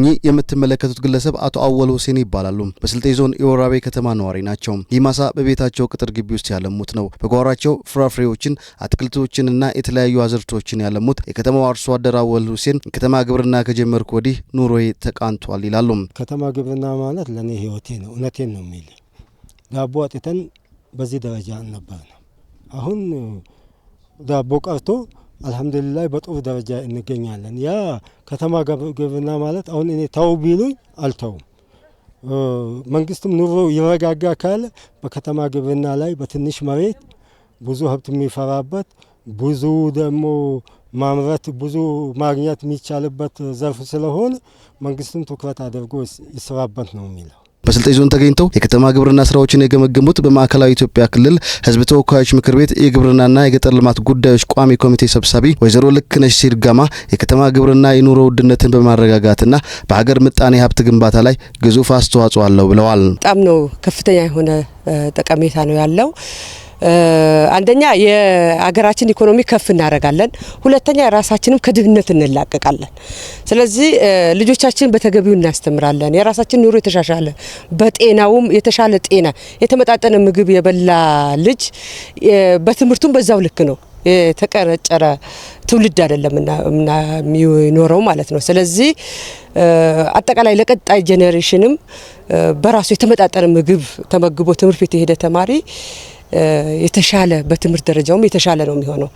እኚህ የምትመለከቱት ግለሰብ አቶ አወል ሁሴን ይባላሉ። በስልጤ ዞን የወራቤ ከተማ ነዋሪ ናቸው። ይህ ማሳ በቤታቸው ቅጥር ግቢ ውስጥ ያለሙት ነው። በጓሯቸው ፍራፍሬዎችን፣ አትክልቶችንና የተለያዩ አዝርቶችን ያለሙት የከተማው አርሶ አደር አወል ሁሴን ከተማ ግብርና ከጀመርኩ ወዲህ ኑሮዬ ተቃንቷል ይላሉ። ከተማ ግብርና ማለት ለእኔ ህይወቴ ነው። እውነቴን ነው የሚል ዳቦ አጥተን በዚህ ደረጃ ነው። አሁን ዳቦ ቀርቶ አልሐምዱሊላህ በጥሩ ደረጃ እንገኛለን። ያ ከተማ ግብርና ማለት አሁን እኔ ተው ቢሉኝ አልተውም። መንግስትም ኑሮ ይረጋጋ ካለ በከተማ ግብርና ላይ በትንሽ መሬት ብዙ ሀብት የሚፈራበት ብዙ ደግሞ ማምረት ብዙ ማግኘት የሚቻልበት ዘርፍ ስለሆነ መንግስትም ትኩረት አድርጎ ይስራበት ነው የሚለው። በስልጤ ዞን ተገኝተው የከተማ ግብርና ስራዎችን የገመገሙት በማዕከላዊ ኢትዮጵያ ክልል ህዝብ ተወካዮች ምክር ቤት የግብርናና የገጠር ልማት ጉዳዮች ቋሚ ኮሚቴ ሰብሳቢ ወይዘሮ ልክነሽ ሲርጋማ የከተማ ግብርና የኑሮ ውድነትን በማረጋጋትና በሀገር ምጣኔ ሀብት ግንባታ ላይ ግዙፍ አስተዋጽኦ አለው ብለዋል። በጣም ነው ከፍተኛ የሆነ ጠቀሜታ ነው ያለው። አንደኛ የሀገራችን ኢኮኖሚ ከፍ እናደርጋለን፣ ሁለተኛ ራሳችንም ከድህነት እንላቀቃለን። ስለዚህ ልጆቻችን በተገቢው እናስተምራለን። የራሳችን ኑሮ የተሻሻለ በጤናውም የተሻለ ጤና የተመጣጠነ ምግብ የበላ ልጅ በትምህርቱም በዛው ልክ ነው የተቀረጨረ ትውልድ አይደለም እና የሚኖረው ማለት ነው። ስለዚህ አጠቃላይ ለቀጣይ ጄኔሬሽንም በራሱ የተመጣጠነ ምግብ ተመግቦ ትምህርት ቤት የሄደ ተማሪ የተሻለ በትምህርት ደረጃውም የተሻለ ነው የሚሆነው።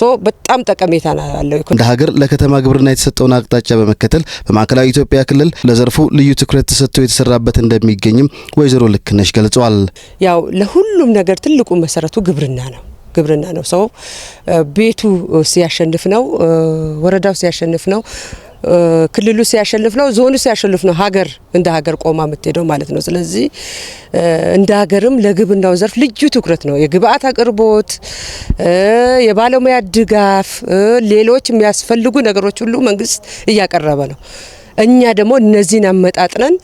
ሶ በጣም ጠቀሜታ አለው። እንደ ሀገር ለከተማ ግብርና የተሰጠውን አቅጣጫ በመከተል በማዕከላዊ ኢትዮጵያ ክልል ለዘርፉ ልዩ ትኩረት ተሰጥቶ የተሰራበት እንደሚገኝም ወይዘሮ ልክነሽ ገልጸዋል። ያው ለሁሉም ነገር ትልቁ መሰረቱ ግብርና ነው ግብርና ነው። ሰው ቤቱ ሲያሸንፍ ነው፣ ወረዳው ሲያሸንፍ ነው፣ ክልሉ ሲያሸንፍ ነው፣ ዞኑ ሲያሸንፍ ነው ሀገር እንደ ሀገር ቆማ የምትሄደው ማለት ነው። ስለዚህ እንደ ሀገርም ለግብርናው ዘርፍ ልዩ ትኩረት ነው። የግብአት አቅርቦት፣ የባለሙያ ድጋፍ፣ ሌሎች የሚያስፈልጉ ነገሮች ሁሉ መንግስት እያቀረበ ነው። እኛ ደግሞ እነዚህን አመጣጥነን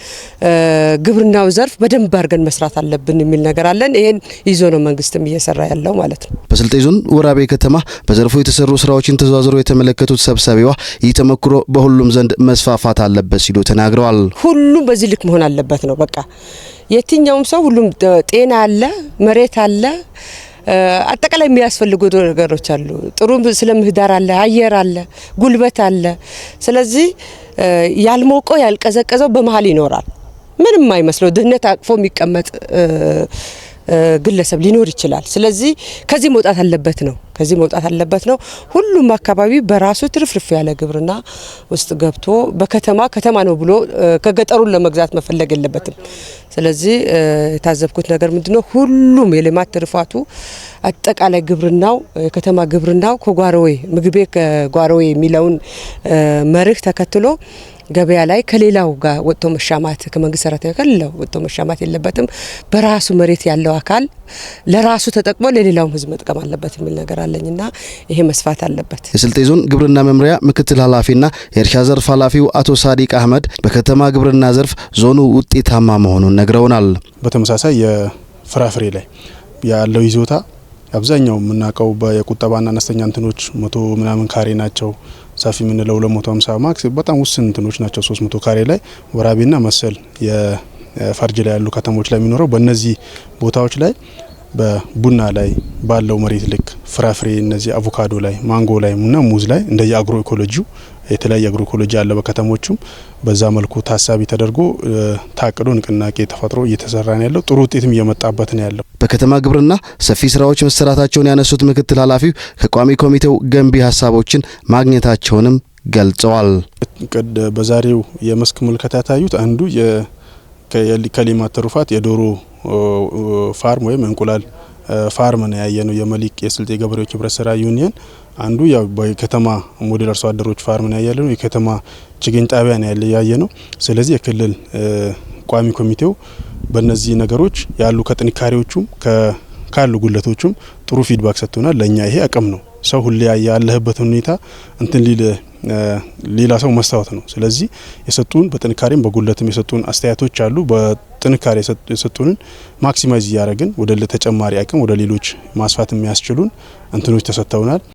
ግብርናው ዘርፍ በደንብ አድርገን መስራት አለብን የሚል ነገር አለን። ይሄን ይዞ ነው መንግስትም እየሰራ ያለው ማለት ነው። በስልጤ ዞን ወራቤ ከተማ በዘርፉ የተሰሩ ስራዎችን ተዘዋዝሮ የተመለከቱት ሰብሳቢዋ ይህ ተሞክሮ በሁሉም ዘንድ መስፋፋት አለበት ሲሉ ተናግረዋል። ሁሉም በዚህ ልክ መሆን አለበት ነው በቃ የትኛውም ሰው ሁሉም ጤና አለ፣ መሬት አለ፣ አጠቃላይ የሚያስፈልጉ ነገሮች አሉ። ጥሩ ስለ ምህዳር አለ፣ አየር አለ፣ ጉልበት አለ። ስለዚህ ያልሞቀው ያልቀዘቀዘው በመሀል ይኖራል። ምንም አይመስለው ድህነት አቅፎ የሚቀመጥ ግለሰብ ሊኖር ይችላል። ስለዚህ ከዚህ መውጣት አለበት ነው ከዚህ መውጣት አለበት ነው። ሁሉም አካባቢ በራሱ ትርፍርፍ ያለ ግብርና ውስጥ ገብቶ በከተማ ከተማ ነው ብሎ ከገጠሩን ለመግዛት መፈለግ የለበትም። ስለዚህ የታዘብኩት ነገር ምንድነው? ሁሉም የልማት ትርፋቱ አጠቃላይ ግብርናው የከተማ ግብርናው ከጓሮዬ ምግቤ ከጓሮዌ የሚለውን መርህ ተከትሎ ገበያ ላይ ከሌላው ጋር ወጥቶ መሻማት ከመንግስት ሰራተኛ ጋር ሌላው ወጥቶ መሻማት የለበትም። በራሱ መሬት ያለው አካል ለራሱ ተጠቅሞ ለሌላውም ህዝብ መጥቀም አለበት የሚል ነገር አለኝና ይሄ መስፋት አለበት። የስልጤ ዞን ግብርና መምሪያ ምክትል ኃላፊና የእርሻ ዘርፍ ኃላፊው አቶ ሳዲቅ አህመድ በከተማ ግብርና ዘርፍ ዞኑ ውጤታማ መሆኑን ነግረውናል። በተመሳሳይ የፍራፍሬ ላይ ያለው ይዞታ አብዛኛው የምናውቀው የቁጠባና አነስተኛ እንትኖች መቶ ምናምን ካሬ ናቸው ሰፊ የምንለው 250 ማክስ በጣም ውስን እንትኖች ናቸው። 300 ካሬ ላይ ወራቤና መሰል የፈርጅ ላይ ያሉ ከተሞች ላይ የሚኖረው በእነዚህ ቦታዎች ላይ በቡና ላይ ባለው መሬት ልክ ፍራፍሬ እነዚህ አቮካዶ ላይ ማንጎ ላይ ና ሙዝ ላይ እንደ የአግሮ ኢኮሎጂው የተለያየ አግሮ ኢኮሎጂ አለ። በከተሞቹም በዛ መልኩ ታሳቢ ተደርጎ ታቅዶ ንቅናቄ ተፈጥሮ እየተሰራ ነው ያለው። ጥሩ ውጤትም እየመጣበት ነው ያለው። በከተማ ግብርና ሰፊ ስራዎች መሰራታቸውን ያነሱት ምክትል ኃላፊው ከቋሚ ኮሚቴው ገንቢ ሀሳቦችን ማግኘታቸውንም ገልጸዋል። በዛሬው የመስክ ምልከታ ያታዩት አንዱ ከሌማት ትሩፋት የዶሮ ፋርም ወይም እንቁላል ፋርም ነው ያየ ነው። የመሊቅ የስልጤ ገበሬዎች ህብረት ስራ ዩኒየን አንዱ ያው በከተማ ሞዴል አርሶ አደሮች ፋርም ነው ያየ ነው። የከተማ ችግኝ ጣቢያ ነው ያየ ነው። ስለዚህ የክልል ቋሚ ኮሚቴው በእነዚህ ነገሮች ያሉ ከጥንካሬዎቹም ካሉ ጉለቶቹም ጥሩ ፊድባክ ሰጥቶናል። ለእኛ ይሄ አቅም ነው። ሰው ሁሌ ያለህበትን ሁኔታ እንትን ሊል ሌላ ሰው መስታወት ነው። ስለዚህ የሰጡን በጥንካሬም በጉለትም የሰጡን አስተያየቶች አሉ። ጥንካሬ የሰጡንን ማክሲማይዝ እያደረግን ወደ ተጨማሪ አቅም ወደ ሌሎች ማስፋት የሚያስችሉን እንትኖች ተሰጥተውናል።